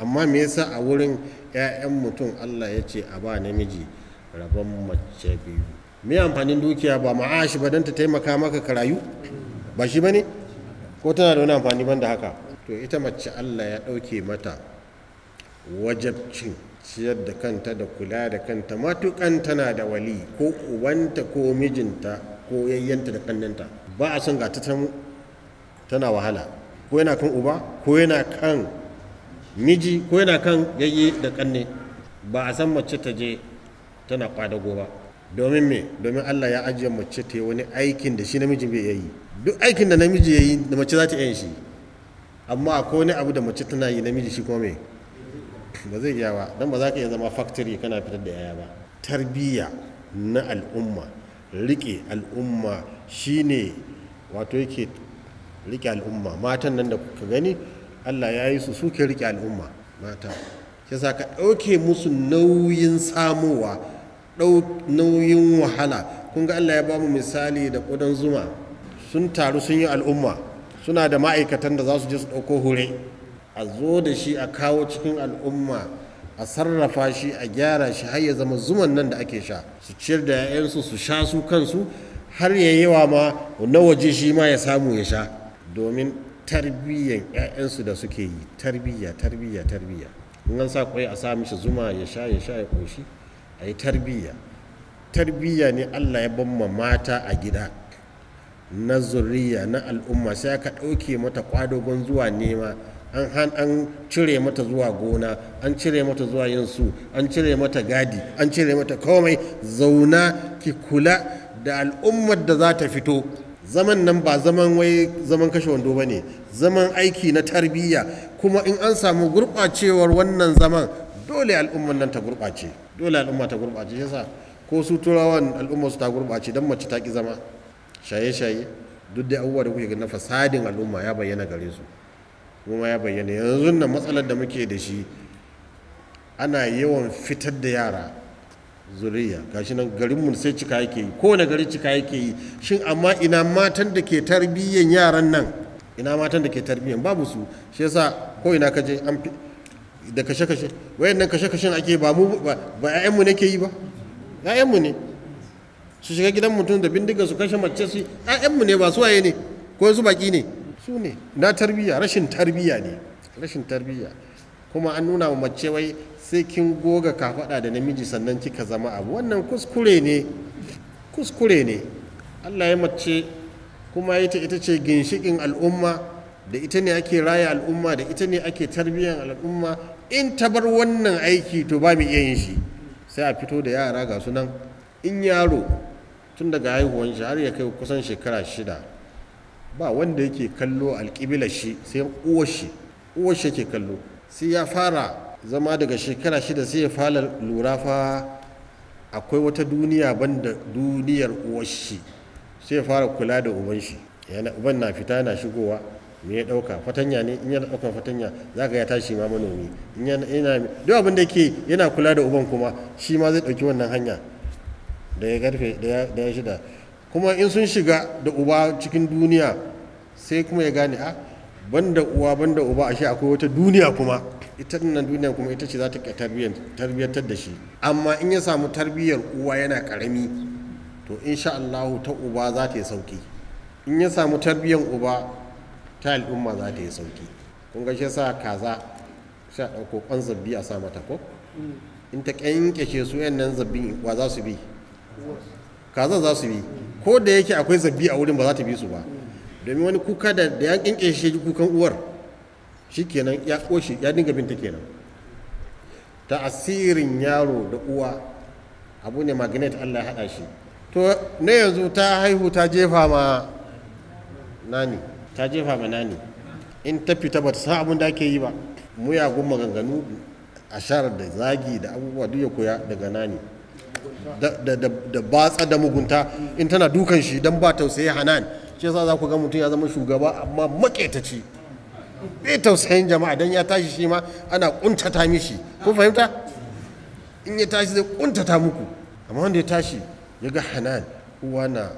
amma me yasa a wurin 'ya'yan mutum Allah ya ce a ba namiji rabon mace biyu me amfanin dukiya ba ma'ashi ba don ta taimaka maka ka rayu ba shi ba ne ko tana da wani amfani ban da haka to ita mace Allah ya ɗauke mata wajabcin ciyar da kanta da kula da kanta matukan tana da wali ko ubanta ko mijinta ko yayyanta da kanninta ba a son ga ta tana wahala ko yana kan uba ko yana kan miji ko yana kan yayi da kanne ba a san mace ta je tana kwadago ba domin me domin Allah ya ajiye mace ta yi wani aikin da shi namiji bai yi duk aikin da namiji yayi yi da mace za ta yin shi amma akwai wani abu da mace tana yi namiji shi kuma me ba zai iya ba don ba za ka iya zama factory kana fitar da yaya ba Tarbiya na al'umma rike al'umma shine wato yake rike al'umma matan nan da kuka gani Allah ya yi su suke rike al'umma mata sa ka ɗauke musu nauyin samowa nauyin wahala kun ga Allah ya ba mu misali da ƙudan zuma sun taru sun yi al'umma suna da ma'aikatan da za su je su ɗauko hure a zo da shi a kawo cikin al'umma a sarrafa shi a gyara shi har ya zama zuman nan da ake sha su ciyar da 'ya'yansu su sha su kansu har ya yawa ma na waje shi ma ya samu ya sha domin tarbiyyan 'ya'yansu da suke yi tarbiyya tarbiyya tarbiyya in an sa kwai a sa mishi zuma ya sha ya sha ya ƙoshi a yi tarbiyya tarbiyya ne allah ya bamma mata a gida na zuriya na al'umma sai aka ɗauke mata kwadogon zuwa nema an an cire mata zuwa gona an cire mata zuwa yin su an cire mata gadi an cire mata komai zauna ki kula da al'ummar da za ta fito zaman nan ba zaman wai zaman kashe wando ba ne zaman aiki na tarbiyya kuma in an samu gurɓacewar wannan zaman dole al'umman nan ta gurɓace dole al'umma ta gurɓace yasa ko su turawan al'umma su ta gurɓace don mace ta ki zama shaye-shaye duk da abubuwa da kuke na fasadin al'umma ya bayyana gare su kuma ya bayyana yanzu nan matsalar da muke da shi ana yawan fitar da yara zuriya gashi nan garin mu sai cika yake yi kowane gari cika yake yi shin amma ina matan da ke tarbiyyan yaran nan ina matan da ke tarbiyyan babu su shi yasa ko ina kaje an da kashe kashe wayannan kashe kashen ake ba mu ba ƴaƴan mu ke yi ba ƴaƴan mu ne su shiga gidan mutum da bindiga su kashe mace su ƴaƴan mu ne ba su waye ne ko su baki ne su ne na tarbiyya rashin tarbiyya ne rashin tarbiyya kuma an nuna wa mace wai sai kin goga kafada da namiji sannan kika zama abu wannan kuskure ne kuskure ne Allah ya mace kuma ita ita ce ginshikin al'umma da ita ne ake raya al'umma da ita ne ake tarbiyyar al'umma in ta bar wannan aiki to ba mu iya yin shi sai a fito da yara ga sunan in yaro tun daga haihuwan shi har ya kai kusan shekara shida ba wanda yake kallo alƙibila shi sai uwar shi uwar shi yake kallo sai ya fara zama daga shekara shida sai ya fara lura fa akwai wata duniya banda duniyar uwashi sai ya fara kula da uban shi uban na fita yana shigowa me ya dauka fatanya ne in yana dauka fatanya za ka ya tashi ma manomi in yana duk abin da ke yana kula da uban kuma shi ma zai dauki wannan hanya da ya karfe da ya shida kuma in sun shiga da uba cikin duniya sai kuma ya gane a ah, banda uwa banda uba ashe akwai wata duniya kuma ita nan duniya kuma ita ce za ta tarbiyyantar da shi amma in ya samu tarbiyyar uwa yana karami to insha Allah ta uba za ta yi sauki in ya samu tarbiyyar uba ta al'umma za ta yi sauki kun ga shi sa kaza sha ɗauko ƙwan zabbi a sa mata ko in ta ƙyanƙyashe su yan nan zabbin wa za su bi kaza za su bi ko da yake akwai zabbi a wurin ba za ta bi su ba domin wani kuka da ya kinke shi kukan uwar shikenan ya koshi ya dinga binta kenan ta'asirin yaro da uwa abu ne magnet Allah ya hada shi to na yanzu ta haihu ta jefa ma nani ta jefa ma nani in ta fita ba ta san abin da ake yi ba muyagun maganganu asharar da zagi da abubuwa duk ya koya daga nani da batsa da mugunta in tana dukan shi don ba tausayi hanan shi yasa za ku ga mutum ya zama shugaba amma maƙetaci bai tausayin jama'a don ya tashi shi ma ana ƙuntata mishi kun fahimta in ya tashi zai ƙuntata muku amma wanda ya tashi ya ga hanan uwa na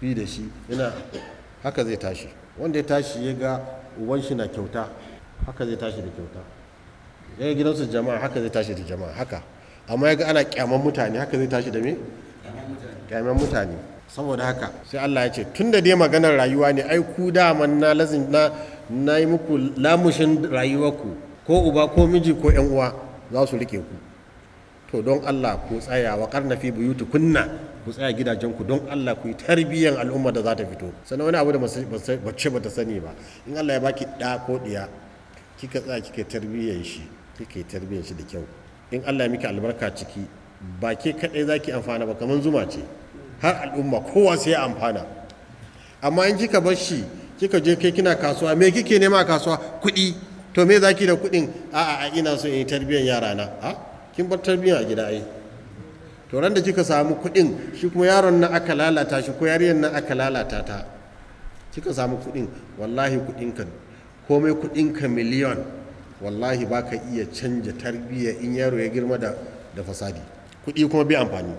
bi da shi yana haka zai tashi wanda ya tashi ya ga uban shi na kyauta haka zai tashi da kyauta ya ga gidansu jama'a haka zai tashi da jama'a haka amma ya ga ana kyaman mutane haka zai tashi da me kyaman mutane saboda haka sai Allah ya ce tun da dai maganar rayuwa ne ai ku daman na lazim na na yi muku lamushin rayuwarku ko uba ko miji ko yan uwa za su rike ku to don Allah ku tsaya wa karna fi buyutu kunna ku tsaya gidajenku don Allah ku yi tarbiyyar al'umma da za ta fito sannan wani abu da bace ba ta sani ba in Allah ya baki da ko diya kika tsaya kika tarbiyyar shi kika tarbiyyar shi da kyau in Allah ya miki albarka ciki ba ke kadai zaki amfana ba kamar zuma ce har al'umma kowa sai ya amfana amma in kika bar shi kika je kai kina kasuwa me kike nema kasuwa kuɗi to me zaki da kuɗin a'a ina so in yi tarbiyyar yara na a kin bar tarbiyyar a gida ai to ran da kika samu kuɗin shi kuma yaron na aka lalata shi ko yarinyar nan aka lalata ta kika samu kuɗin wallahi kuɗin ka komai kuɗin ka miliyon wallahi baka iya canja tarbiyya in yaro ya girma da da fasadi kuɗi kuma bai amfani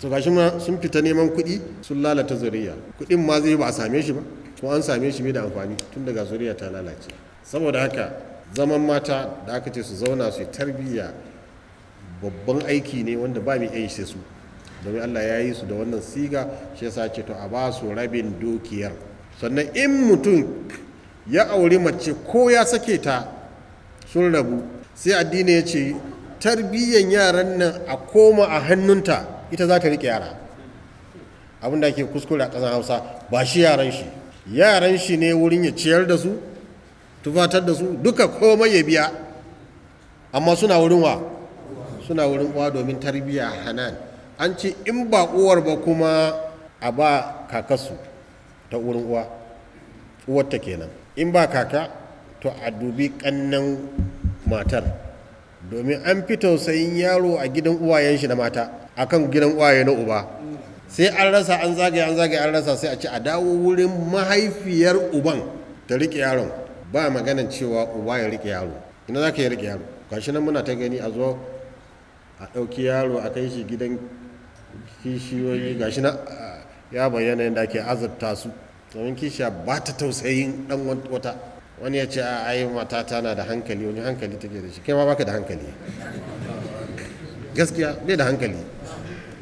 to gashi ma sun fita neman kuɗi sun lalata zuriya kuɗin ma zai ba a same shi ba ko an same shi bai da amfani tun daga zuriya ta lalace saboda haka zaman mata da aka ce su zauna su tarbiyya babban aiki ne wanda ba mai iya su domin Allah ya yi su da wannan siga shi yasa ce to a ba su rabin dukiyar sannan in mutum ya auri mace ko ya sake ta sun rabu sai addini ya ce tarbiyyan yaran nan a koma a hannunta ita za ta riƙe yara abin da ake kuskure a ƙasar hausa ba shi yaran shi yaran shi ne wurin ya ciyar da su tufatar da su duka komai ya biya amma suna wurin wa suna wurin uwa domin tarbiyya hanan an ce in ba uwar ba kuma a ba kakasu ta wurin uwa uwarta kenan in ba kaka to a dubi kannan matar domin an fi tausayin yaro a gidan uwayen shi na mata akan gidan uwaye na uba sai an rasa an zagaye an zagaye an rasa sai a ce a dawo wurin mahaifiyar uban ta rike yaron ba maganan cewa uba ya rike yaro ina za ka yi rike yaro kashi nan muna ta gani a zo a ɗauki yaro a kai shi gidan kishiyoyi gashi na ah, ya bayyana yadda ake azabta su domin kishiya ba ta tausayin ɗan wata wani ya ce a ai matata na da hankali wani hankali take da shi kai ma baka da hankali gaskiya bai da hankali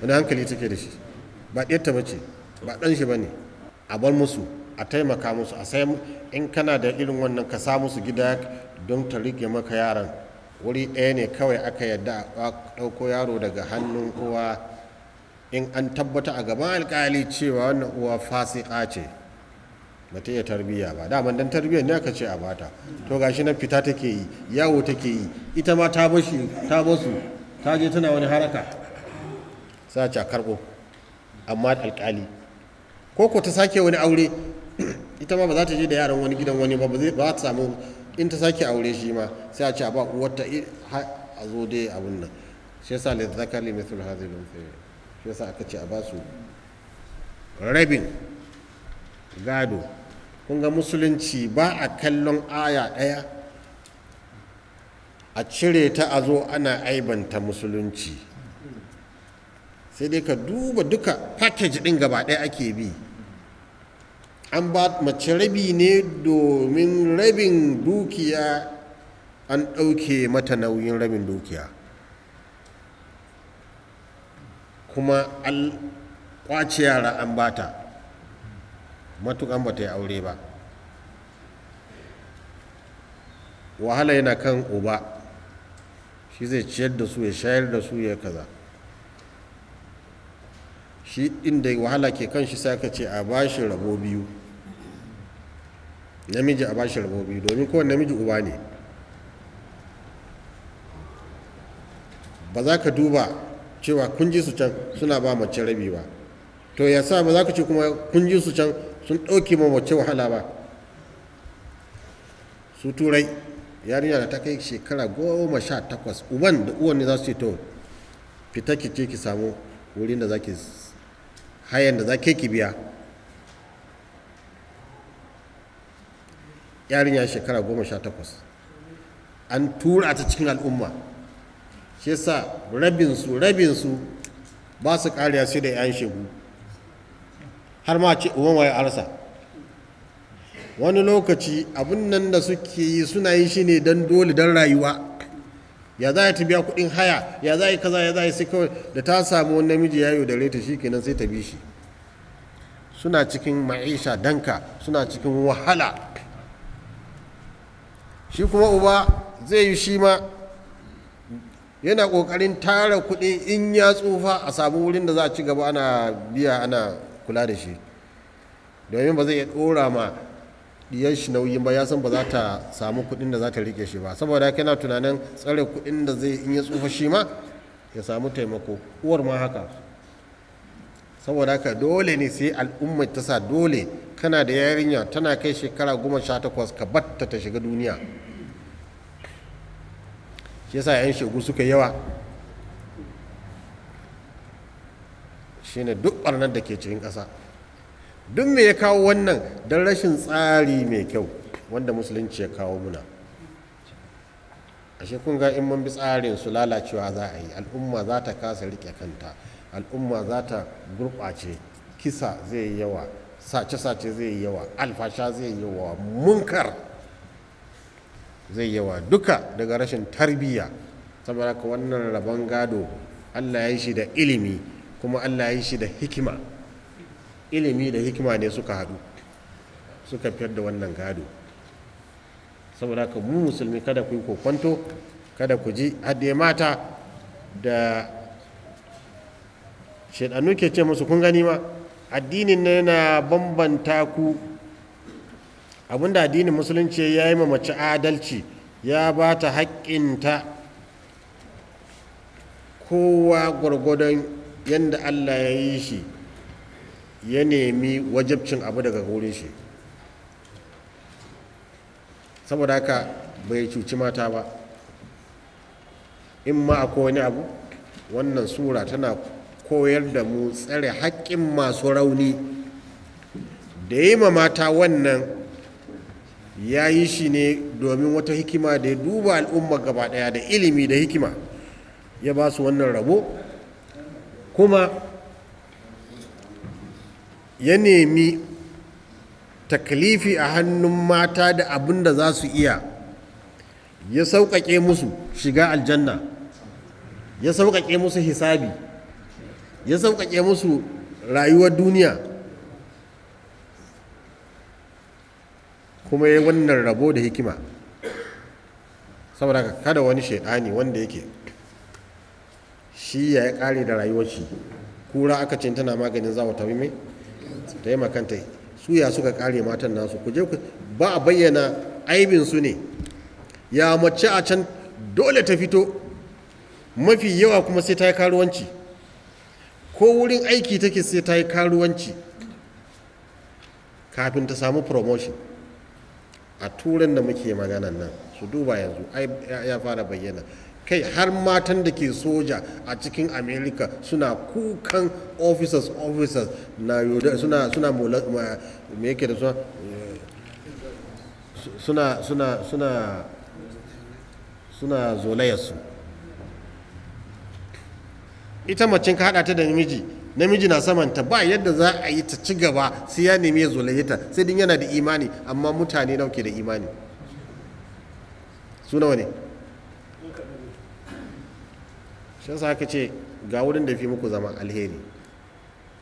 wani hankali take da shi ba ɗiyarta ta ce ba ɗan shi ba ne a bar musu a taimaka musu a sai in kana da irin wannan ka sa musu gida don ta rike maka yaran wuri ɗaya ne kawai aka yadda a ɗauko yaro daga hannun uwa in an tabbata a gaban alkali cewa wannan uwa fasi'a ce ba ta iya tarbiyya ba daman dan tarbiyya ne aka ce a bata to gashi nan fita take yi yawo take yi ita ma ta bashi ta basu ta je tana wani haraka sai a karbo amma alkali ko ko ta sake wani aure ita ma ba za ta je da yaran wani gidan wani ba ba ta samu in ta sake aure shi ma sai a ce a ba wata eh, a zo dai abun nan shi yasa li zakari mithul hadhihi al-unthayayn shi yasa aka ce a ba su rabin gado kun ga musulunci ba a kallon aya ɗaya a cire ta a zo ana aibanta musulunci sai dai ka duba duka package ɗin gaba ɗaya ake bi an ba mace rabi ne domin rabin dukiya an ɗauke mata nauyin rabin dukiya kuma an ƙwace yara an bata matukan ba ta yi aure ba wahala yana kan uba shi zai ciyar da su ya shayar da su ya kaza shi inda wahala ke kan shi sai ka ce a bashi rabo biyu namiji a bashi rabo biyu domin kowane namiji uba ne ba za ka duba cewa kun ji su can suna ba mace rabi ba to ya sa ba za ka ce kuma kun ji su can sun ɗauke ma wacce wahala ba su turai yarinya da ta kai shekara goma sha takwas uban da uwan ne za su yi to fita ki ce ki samu wurin da za ki hayan da za ke ki biya yarinya shekara goma sha takwas an tura ta cikin al'umma shi yasa rabinsu rabinsu ba su kariya sai da 'yan shegu har ma ce uwan waye arsa wani lokaci abin nan da suke yi suna yi shi ne don dole don rayuwa ya za ta biya kuɗin haya ya za yi kaza ya za yi sai kawai da ta samu wani namiji yi da reta shi kenan sai ta bi shi suna cikin ma'isha danka suna cikin wahala shi kuma uba zai yi shi ma yana ƙoƙarin tara kuɗi in ya tsufa a samu wurin da za a ci gaba ana biya ana kula da shi domin ba zai iya dora ma diyan shi nauyin ba ya san ba za ta samu kuɗin da za ta rike shi ba saboda kana tunanin tsare kuɗin da zai in ya tsufa shi ma ya samu taimako uwar ma haka saboda haka dole ne sai al'ummar ta sa dole kana da yarinya tana kai shekara goma sha takwas ka batta ta shiga duniya shi yasa 'yan shegu suka yawa shine duk barnar da ke cikin ƙasa duk me ya kawo wannan don rashin tsari mai kyau wanda musulunci ya kawo muna ashe kun ga in mun bi tsarin su lalacewa za a yi al'umma za ta kasa rike kanta al'umma za ta gurɓace kisa zai yi yawa sace-sace zai yi yawa alfasha zai yi yawa munkar zai yawa duka daga rashin tarbiyya saboda ka wannan rabon gado allah ya yi shi da ilimi kuma Allah ya shi da hikima ilimi da hikima ne suka haɗu suka fiyar da wannan gado saboda ka mu musulmi kada ku yi kokonto kada ku ji haɗe mata da shaɗannu ke ce musu kun gani ma addinin na na bambanta ku abinda addinin musulunci ya yi mace adalci ya ba ta haƙƙinta kowa gwargwadon yadda Allah ya yi shi ya nemi wajabcin abu daga wurin shi saboda haka bai cuci mata ba in ma akwai wani abu wannan sura tana koyar da mu tsare haƙƙin masu rauni da yi ma mata wannan ya yi shi ne domin wata hikima da ya duba al'umma gaba ɗaya da ilimi da hikima ya ba su wannan rabo kuma ya nemi taklifi a hannun mata da abin da za su iya ya sauƙaƙe musu shiga aljanna ya sauƙaƙe musu hisabi ya sauƙaƙe musu rayuwar duniya kuma ya wannan rabo da hikima saboda kada wani shaidani wanda yake shi ya kare da rayuwar shi kura aka ce tana maganin zawo ta mai ta yi makanta su ya suka kare matan nasu ku je ku ba a bayyana aibin su ne ya mace a can dole ta fito mafi yawa kuma sai ta yi karuwanci ko wurin aiki take sai ta yi karuwanci kafin ta samu promotion a turan da muke magana nan su duba yanzu ya fara bayyana kai har matan da ke soja a cikin america suna kukan officers officers na yoda suna suna me yake da suna suna suna suna suna su ita macin ka hada ta da namiji namiji na samanta ba yadda za a yi ta ci gaba sai ya nemi ya zolaye ta sai din yana da imani amma mutane nauke da imani shan haka ce ga wurin da fi muku zama alheri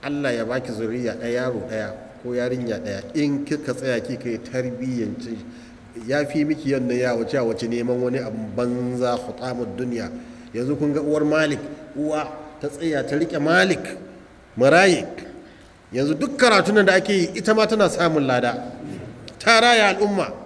allah ya baki zuriya ɗaya yaro ɗaya ko yarinya ɗaya in kika tsaya kika yi tarbiyyanci ya fi miki yadda ya wace wace neman wani abin banza hutamun duniya yanzu kun ga uwar malik uwa ta tsaya ta riƙe malik maraye yanzu duk karatun da ake yi ita ma tana samun lada ta raya al'umma